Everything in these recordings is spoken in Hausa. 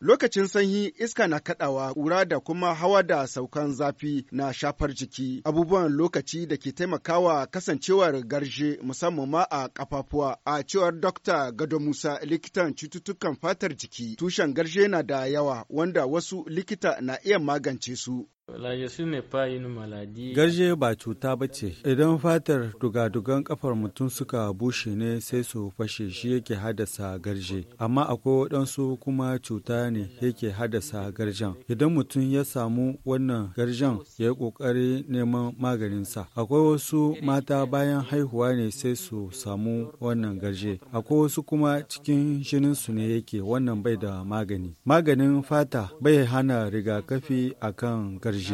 Lokacin sanyi iska na kadawa kura da kuma hawa da saukan zafi na shafar jiki abubuwan lokaci da ke taimakawa kasancewar garje musamman ma a ƙafafuwa. a cewar Dr. Gado Musa likitan cututtukan fatar jiki tushen garje na da yawa wanda wasu likita na iya magance su. Garje ba cuta ba ce, idan fatar dugadugan kafar mutum suka bushe ne sai su fashe shi yake hadasa garje, amma akwai waɗansu kuma cuta ne yake hadasa garjen. Idan mutum ya samu wannan garjen ya yi ƙoƙari neman maganinsa. Akwai wasu mata bayan haihuwa ne sai su samu wannan garje, akwai wasu kuma cikin jininsu ne yake wannan bai da magani. Maganin fata bai hana rigakafi akan garje. marji.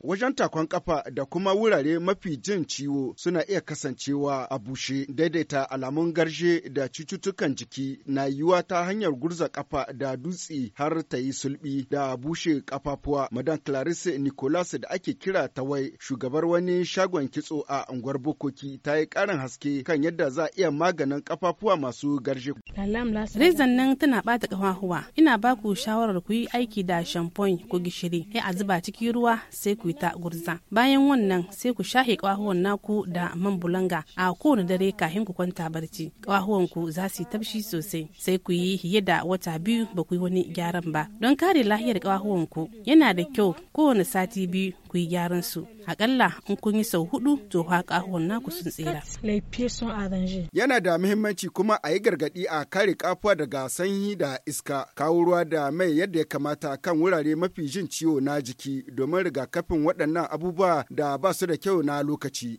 Wajen takon kafa da kuma wurare mafi jin ciwo suna iya kasancewa a bushe daidaita alamun garje da cututtukan jiki na yiwuwa ta hanyar gurza kafa da dutse har ta yi sulbi da bushe kafafuwa. Madan Clarisse Nicolas da ake kira tawai shugabar wani shagon kitso a unguwar Bokoki ta yi karin haske kan yadda za a iya maganin kafafuwa masu garje. rizan nan tana bata kafafuwa. Ina baku shawarar ku yi aiki da shampoin ko gishiri sai a zuba cikin ruwa sai ku yi ta gurza bayan wannan sai ku shahe kwahuwan naku da man bulanga a kowane dare kafin ku kwanta barci kwahuwan ku za su yi tafshi sosai sai ku yi hiye da wata biyu ba ku yi wani gyaran ba don kare lafiyar kwahuwan ku yana da kyau kowane sati biyu ku yi gyaran su akalla in kun yi sau hudu to kahuwan naku sun tsira. Yana da muhimmanci kuma a yi gargadi a kare kafuwa daga sanyi da iska, kawo ruwa da mai yadda ya kamata kan wurare mafi jin ciwo na jiki domin rigakafin waɗannan abubuwa da ba su da kyau na lokaci.